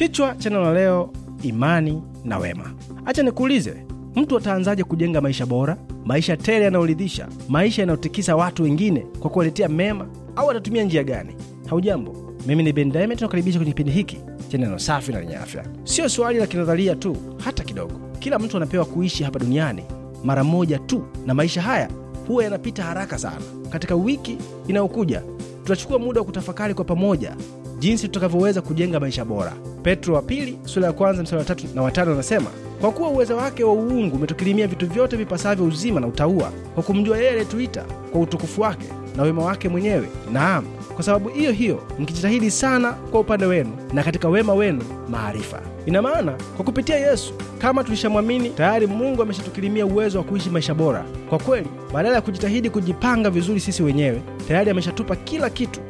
Kichwa cha neno la leo, imani na wema. Acha nikuulize, mtu ataanzaje kujenga maisha bora, maisha tele yanayoridhisha, maisha yanayotikisa watu wengine kwa kuwaletea mema, au atatumia njia gani? Haujambo, mimi ni Ben Diamond, tunakaribisha kwenye kipindi hiki cha neno safi na lenye afya. Sio swali la kinadharia tu hata kidogo. Kila mtu anapewa kuishi hapa duniani mara moja tu, na maisha haya huwa yanapita haraka sana. Katika wiki inayokuja tutachukua muda wa kutafakari kwa pamoja jinsi tutakavyoweza kujenga maisha bora. Petro wa pili sura ya kwanza mstari wa tatu na watano anasema kwa kuwa uwezo wake wa uungu umetukirimia vitu vyote vipasavyo uzima na utaua kwa kumjua yeye aliyetuita kwa utukufu wake na wema wake mwenyewe. Naam, kwa sababu hiyo hiyo mkijitahidi sana kwa upande wenu, na katika wema wenu maarifa. Ina maana kwa kupitia Yesu kama tulishamwamini tayari, Mungu ameshatukirimia uwezo wa kuishi maisha bora. Kwa kweli, badala ya kujitahidi kujipanga vizuri sisi wenyewe, tayari ameshatupa kila kitu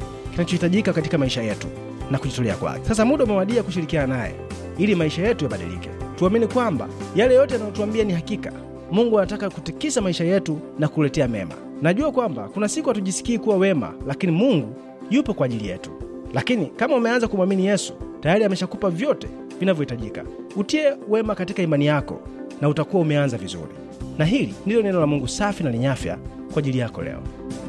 kinachohitajika katika maisha yetu na kujitolea kwake. Sasa muda umewadia kushirikiana naye ili maisha yetu yabadilike. Tuamini kwamba yale yote yanayotuambia ni hakika. Mungu anataka kutikisa maisha yetu na kuletea mema. Najua kwamba kuna siku hatujisikii kuwa wema, lakini Mungu yupo kwa ajili yetu. Lakini kama umeanza kumwamini Yesu, tayari ameshakupa vyote vinavyohitajika. Utie wema katika imani yako na utakuwa umeanza vizuri. Na hili ndilo neno la Mungu safi na lenye afya kwa ajili yako leo.